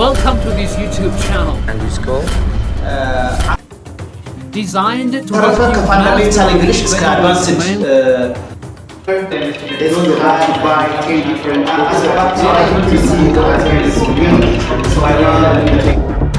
Welcome to this YouTube channel. And it's called? Uh, Designed to ترفق فانا ليت على انجلش اسك They don't have to buy 10 different apps. I can see the So I learned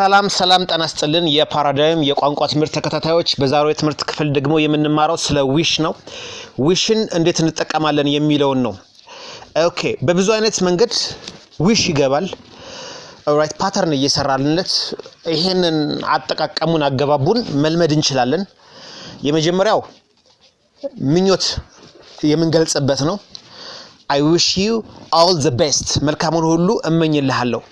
ሰላም ሰላም ጤና ይስጥልን የፓራዳይም የቋንቋ ትምህርት ተከታታዮች፣ በዛሬው የትምህርት ክፍል ደግሞ የምንማረው ስለ ዊሽ ነው። ዊሽን እንዴት እንጠቀማለን የሚለውን ነው። ኦኬ፣ በብዙ አይነት መንገድ ዊሽ ይገባል። ኦራይት፣ ፓተርን እየሰራልንለት ይሄንን አጠቃቀሙን አገባቡን መልመድ እንችላለን። የመጀመሪያው ምኞት የምንገልጽበት ነው። አይ ዊሽ ዩ ኦል ዘ ቤስት፣ መልካሙን ሁሉ እመኝልሃለሁ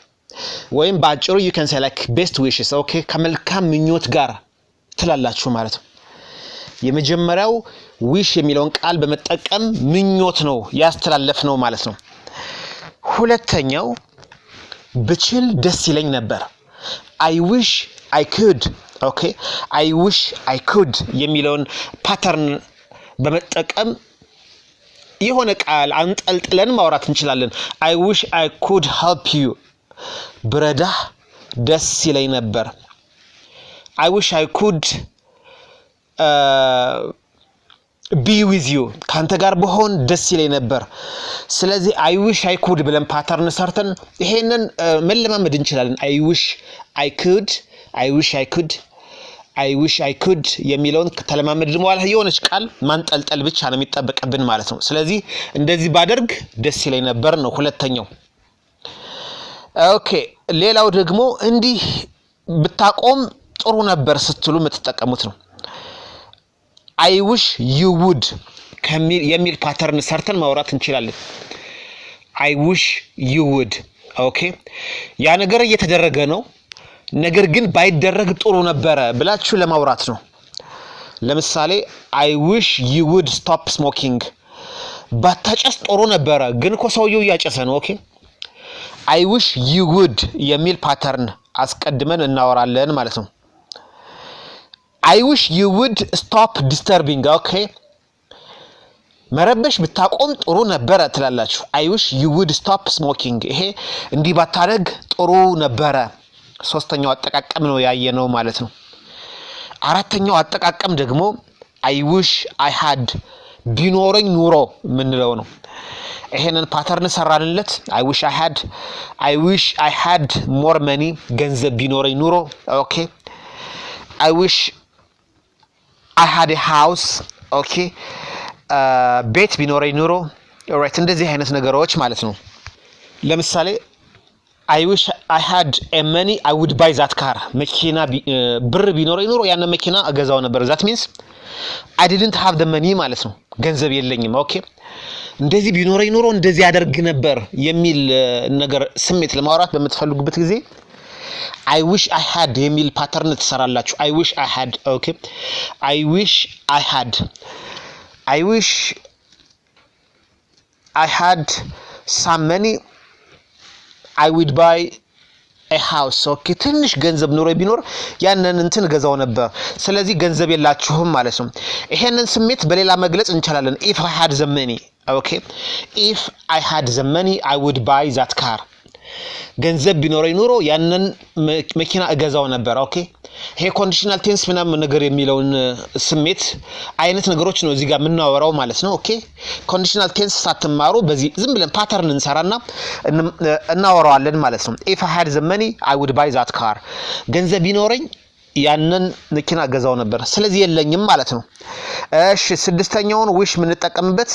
ወይም በአጭሩ ዩ ከን ሴ ላይክ ቤስት ዊሽስ ኦኬ ከመልካም ምኞት ጋር ትላላችሁ ማለት ነው። የመጀመሪያው ዊሽ የሚለውን ቃል በመጠቀም ምኞት ነው ያስተላለፍ ነው ማለት ነው። ሁለተኛው ብችል ደስ ይለኝ ነበር አይ ዊሽ አይ ኩድ ኦኬ አይ ዊሽ አይ ኩድ የሚለውን ፓተርን በመጠቀም የሆነ ቃል አንጠልጥለን ማውራት እንችላለን። አይ ዊሽ አይ ኩድ ሄልፕ ዩ ብረዳ ደስ ይለኝ ነበር። አይ ዊሽ አይ ኩድ ቢ ዊዝ ዩ ከአንተ ጋር በሆን ደስ ይለኝ ነበር። ስለዚህ አይ ዊሽ አይ ኩድ ብለን ፓተርን ሰርተን ይሄንን uh, መለማመድ እንችላለን። አይ ዊሽ አይ ኩድ፣ አይ ዊሽ አይ ኩድ፣ አይ ዊሽ አይ ኩድ የሚለውን ከተለማመድን በኋላ የሆነች ቃል ማንጠልጠል ብቻ ነው የሚጠበቅብን ማለት ነው። ስለዚህ እንደዚህ ባደርግ ደስ ይለኝ ነበር ነው ሁለተኛው። ኦኬ ሌላው ደግሞ እንዲህ ብታቆም ጥሩ ነበር ስትሉ የምትጠቀሙት ነው። አይውሽ ዩውድ የሚል ፓተርን ሰርተን ማውራት እንችላለን። አይውሽ ይውድ ኦኬ፣ ያ ነገር እየተደረገ ነው፣ ነገር ግን ባይደረግ ጥሩ ነበረ ብላችሁ ለማውራት ነው። ለምሳሌ አይውሽ ዩውድ ስቶፕ ስሞኪንግ፣ ባታጨስ ጥሩ ነበረ፣ ግን እኮ ሰውየው እያጨሰ ነው። ኦኬ አይ ዊሽ ዩ ውድ የሚል ፓተርን አስቀድመን እናወራለን ማለት ነው። አይ ዊሽ ዩ ውድ ስቶፕ ዲስተርቢንግ ኦኬ። መረበሽ ብታቆም ጥሩ ነበረ ትላላችሁ። አይ ዊሽ ዩ ውድ ስቶፕ ስሞኪንግ፣ ይሄ እንዲህ ባታደርግ ጥሩ ነበረ። ሶስተኛው አጠቃቀም ነው ያየ ነው ማለት ነው። አራተኛው አጠቃቀም ደግሞ አይ ዊሽ አይ ሃድ ቢኖረኝ ኑሮ የምንለው ነው። ይሄንን ፓተርን ሰራንለት። አይ ዊሽ አይ ሃድ አይ ዊሽ አይ ሃድ ሞር መኒ ገንዘብ ቢኖረኝ ኑሮ። ኦኬ አይ ዊሽ አይ ሃድ ሃውስ ኦኬ ቤት ቢኖረኝ ኑሮ። ኦራይት እንደዚህ አይነት ነገሮች ማለት ነው። ለምሳሌ አይ ዊሽ አይ ሃድ ኤ መኒ አይ ውድ ባይ ዛት ካር መኪና ብር ቢኖረኝ ኑሮ ያንን መኪና እገዛው ነበር። ዛት ሚንስ አይ ዲድንት ሃቭ ደ መኒ ማለት ነው። ገንዘብ የለኝም። ኦኬ እንደዚህ ቢኖረኝ ኖሮ እንደዚህ ያደርግ ነበር የሚል ነገር ስሜት ለማውራት በምትፈልጉበት ጊዜ አይ ዊሽ አይ ሃድ የሚል ፓተርን ትሰራላችሁ። አይ ዊሽ አይ ሃድ ኦኬ። አይ ዊሽ አይ ሃድ አይ ዊሽ አይ ሃድ ሳም መኒ አይ ዊድ ባይ ሃውስ ኦኬ። ትንሽ ገንዘብ ኑሮ ቢኖር ያንን እንትን ገዛው ነበር። ስለዚህ ገንዘብ የላችሁም ማለት ነው። ይሄንን ስሜት በሌላ መግለጽ እንችላለን። ኢፍ አይ ሃድ ዘመኒ ኦኬ። ኢፍ አይ ሃድ ዘመኒ አይ ውድ ባይ ዛት ካር ገንዘብ ቢኖረኝ ኑሮ ያንን መኪና እገዛው ነበር። ኦኬ ይሄ ኮንዲሽናል ቴንስ ምናምን ነገር የሚለውን ስሜት አይነት ነገሮች ነው እዚህ ጋር የምናወራው ማለት ነው። ኦኬ ኮንዲሽናል ቴንስ ሳትማሩ በዚህ ዝም ብለን ፓተርን እንሰራና እናወራዋለን ማለት ነው። ኢፍ ሀድ ዘመኒ አይ ውድ ባይ ዛት ካር ገንዘብ ቢኖረኝ ያንን መኪና እገዛው ነበር። ስለዚህ የለኝም ማለት ነው። እሺ ስድስተኛውን ዊሽ የምንጠቀምበት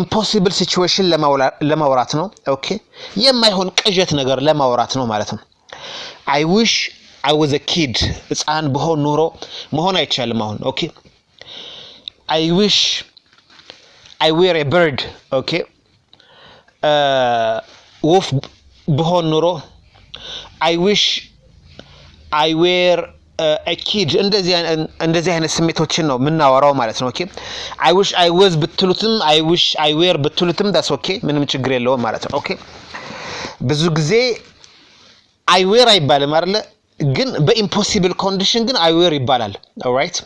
ኢምፖሲብል ሲቹዌሽን ለማውራት ነው። ኦኬ የማይሆን ቅዠት ነገር ለማውራት ነው ማለት ነው። አይ ዊሽ አይ ወዝ ኪድ ህፃን ብሆን ኑሮ መሆን አይቻልም። አሁን ኦኬ አይ ዊሽ አይ ዌር ኤ በርድ ኦኬ ወፍ ብሆን ኑሮ አይ ዊሽ አይ ዌር ኪድ እንደዚህ አይነት ስሜቶችን ነው የምናወራው ማለት ነው። ኦኬ አይ ዊሽ አይ ወዝ ብትሉትም አይ ዊሽ አይ ዌር ብትሉትም ዳስ ኦኬ፣ ምንም ችግር የለውም ማለት ነው። ኦኬ ብዙ ጊዜ አይ ዌር አይባልም አይደለ? ግን በኢምፖሲብል ኮንዲሽን ግን አይ ዌር ይባላል። ኦራይት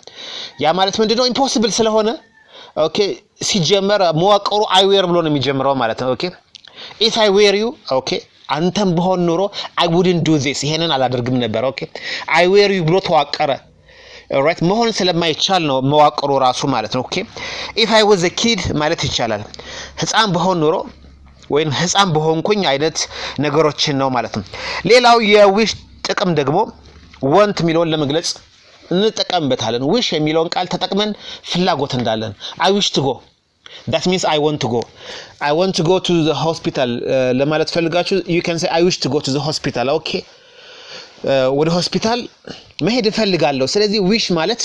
ያ ማለት ምንድነው? ኢምፖሲብል ስለሆነ ኦኬ ሲጀመር መዋቅሩ አይ ዌር ብሎ ነው የሚጀምረው ማለት ነው። ኦኬ ኢፍ አይ ዌር ዩ ኦኬ አንተም በሆን ኖሮ አይ ውድን ዱ ዚስ ይሄንን አላደርግም ነበር። ኦኬ አይ ዌር ዩ ብሎ ተዋቀረ። ኦራይት መሆን ስለማይቻል ነው መዋቅሩ ራሱ ማለት ነው። ኦኬ ኢፍ አይ ወዝ ኪድ ማለት ይቻላል ህፃን በሆን ኖሮ ወይም ህፃን በሆንኩኝ አይነት ነገሮችን ነው ማለት ነው። ሌላው የዊሽ ጥቅም ደግሞ ወንት የሚለውን ለመግለጽ እንጠቀምበታለን። ዊሽ የሚለውን ቃል ተጠቅመን ፍላጎት እንዳለን አይ ዊሽ ትጎ ዳት ሚንስ አይ ወንት ጎ አይ ወንት ጎ ቱ ዘ ሆስፒታል ለማለት ፈልጋችሁ ዩ ካን ሴ አይ ዊሽ ቱ ጎ ቱ ዘ ሆስፒታል። ኦኬ ወደ ሆስፒታል መሄድ እፈልጋለሁ። ስለዚህ ዊሽ ማለት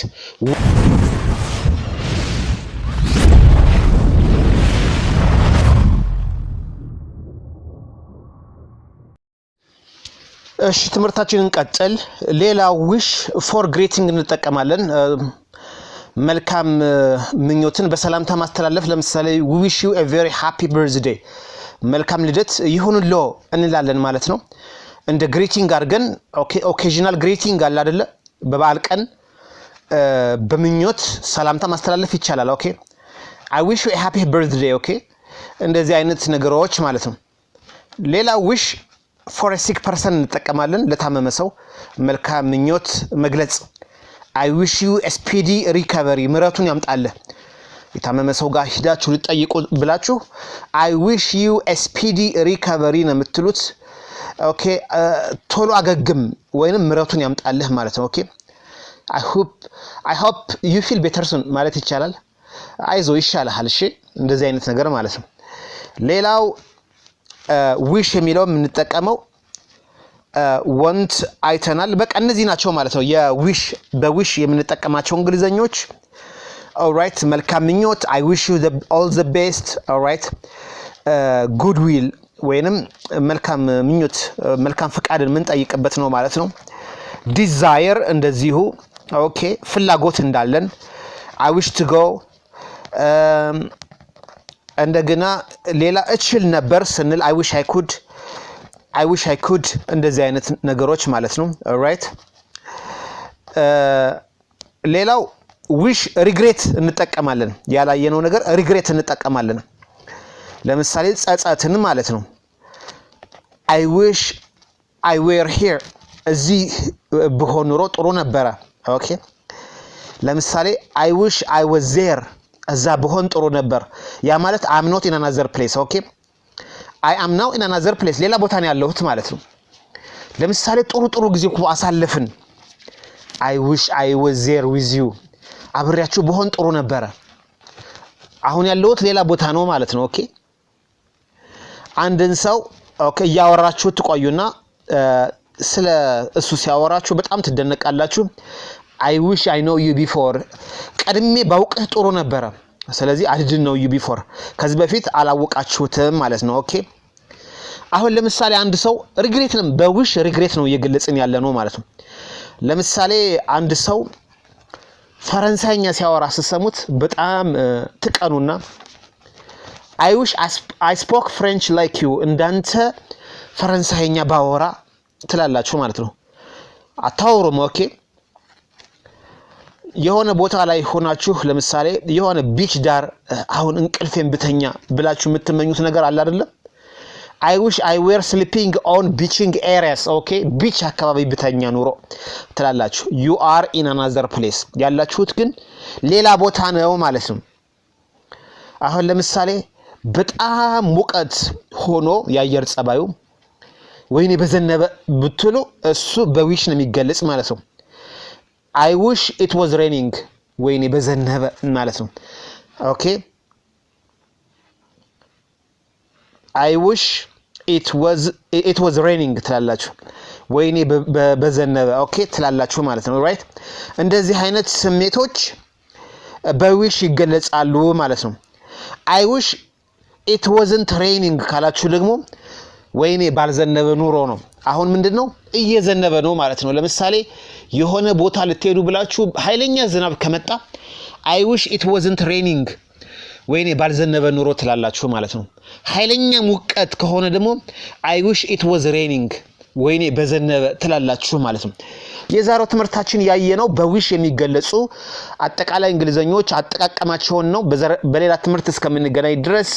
እሺ ትምህርታችንን ቀጥል። ሌላ ዊሽ ፎር ግሬቲንግ እንጠቀማለን። መልካም ምኞትን በሰላምታ ማስተላለፍ ለምሳሌ ዊሽ ዩ ቨሪ ሃፒ በርዝዴ መልካም ልደት ይሁንሎ እንላለን ማለት ነው። እንደ ግሪቲንግ አድርገን ኦኬዥናል ግሪቲንግ አለ አደለ? በበዓል ቀን በምኞት ሰላምታ ማስተላለፍ ይቻላል። ኦኬ አይ ዊሽ ዩ ሃፒ በርዝዴ ኦኬ። እንደዚህ አይነት ነገሮች ማለት ነው። ሌላ ዊሽ ፎር ሲክ ፐርሰን እንጠቀማለን። ለታመመ ሰው መልካም ምኞት መግለጽ አይ ዊሽ ዩ ስፒዲ ሪከቨሪ ምረቱን ያምጣልህ። የታመመ ሰው ጋር ሂዳችሁ ልጠይቁ ብላችሁ አይ ዊሽ ዩ ስፒዲ ሪከቨሪ ነው የምትሉት። ኦኬ ቶሎ አገግም ወይንም ምረቱን ያምጣልህ ማለት ነው። ኦኬ አይ ሆፕ ዩ ፊል ቤተር ሱን ማለት ይቻላል። አይዞ ይሻልሃል፣ እሺ እንደዚህ አይነት ነገር ማለት ነው። ሌላው ዊሽ የሚለው የምንጠቀመው ወንት አይተናል። በቃ እነዚህ ናቸው ማለት ነው የዊሽ በዊሽ የምንጠቀማቸው እንግሊዘኞች። ኦልራይት መልካም ምኞት አይ ዊሽ ዩ ኦል ዘ ቤስት። ጉድ ጉድዊል ወይንም መልካም ምኞት መልካም ፈቃድን የምንጠይቅበት ነው ማለት ነው። ዲዛየር እንደዚሁ ኦኬ ፍላጎት እንዳለን አይ ዊሽ ቱ ጎ እንደገና ሌላ እችል ነበር ስንል አይ ዊሽ አይ ኩድ አይ ዊሽ አይ ኩድ እንደዚህ አይነት ነገሮች ማለት ነው። ራይት uh, ሌላው ዊሽ ሪግሬት እንጠቀማለን። ያላየነው ነገር ሪግሬት እንጠቀማለን። ለምሳሌ ጸጸትን ማለት ነው። አይ ዊሽ አይ ዌር ሄር፣ እዚህ ብሆን ኑሮ ጥሩ ነበረ። ኦኬ ለምሳሌ አይ ዊሽ አይ ወዝ ዜር፣ እዛ ብሆን ጥሩ ነበር። ያ ማለት አም ኖት ኢን አናዘር ፕሌስ ኦኬ አይ አም ናው ኢን አናዘር ፕሌስ ሌላ ቦታ ነው ያለሁት ማለት ነው። ለምሳሌ ጥሩ ጥሩ ጊዜ እኮ አሳለፍን። አይ ዊሽ አይ ወዝ ዜር ዊዝ ዩ አብሬያችሁ በሆን ጥሩ ነበረ። አሁን ያለሁት ሌላ ቦታ ነው ማለት ነው። ኦኬ አንድን ሰው ኦኬ እያወራችሁ ትቆዩና ስለ እሱ ሲያወራችሁ በጣም ትደነቃላችሁ። አይ ዊሽ አይ ኖው ዩ ቢፎር ቀድሜ ባውቅህ ጥሩ ነበረ ስለዚህ አድድን ነው ዩ ቢፎር ከዚህ በፊት አላወቃችሁትም ማለት ነው። ኦኬ አሁን ለምሳሌ አንድ ሰው ሪግሬት ነው በውሽ ሪግሬት ነው እየገለጽን ያለ ነው ማለት ነው። ለምሳሌ አንድ ሰው ፈረንሳይኛ ሲያወራ ስትሰሙት በጣም ትቀኑና አይ ስፖክ ፍሬንች ላይክ ዩ እንዳንተ ፈረንሳይኛ ባወራ ትላላችሁ ማለት ነው። አታወሩም ኦኬ የሆነ ቦታ ላይ ሆናችሁ ለምሳሌ የሆነ ቢች ዳር አሁን እንቅልፌን ብተኛ ብላችሁ የምትመኙት ነገር አለ አይደለም? አይ ዊሽ አይ ዌር ስሊፒንግ ኦን ቢችንግ ኤሪያስ ኦኬ፣ ቢች አካባቢ ብተኛ ኑሮ ትላላችሁ። ዩ አር ኢን አናዘር ፕሌስ፣ ያላችሁት ግን ሌላ ቦታ ነው ማለት ነው። አሁን ለምሳሌ በጣም ሙቀት ሆኖ የአየር ጸባዩ ወይኔ በዘነበ ብትሉ እሱ በዊሽ ነው የሚገለጽ ማለት ነው። አይ ውሽ ኢት ዋዝ ሬኒንግ ወይኔ በዘነበ ማለት ነው። ኦኬ አይ ውሽ ኢት ዋዝ ሬኒንግ ትላላችሁ፣ ወይኔ በዘነበ ኦኬ ትላላችሁ ማለት ነው። ራይት እንደዚህ አይነት ስሜቶች በዊሽ ይገለጻሉ ማለት ነው። አይ ውሽ ኢት ዋዝንት ሬኒንግ ካላችሁ ደግሞ ወይኔ ባልዘነበ ኑሮ ነው። አሁን ምንድን ነው እየዘነበ ነው ማለት ነው። ለምሳሌ የሆነ ቦታ ልትሄዱ ብላችሁ ኃይለኛ ዝናብ ከመጣ አይዊሽ ኢት ወዝንት ሬኒንግ ወይኔ ባልዘነበ ኑሮ ትላላችሁ ማለት ነው። ኃይለኛ ሙቀት ከሆነ ደግሞ አይዊሽ ኢት ወዝ ሬኒንግ ወይኔ በዘነበ ትላላችሁ ማለት ነው። የዛሬው ትምህርታችን ያየነው በዊሽ የሚገለጹ አጠቃላይ እንግሊዘኞች አጠቃቀማቸውን ነው። በሌላ ትምህርት እስከምንገናኝ ድረስ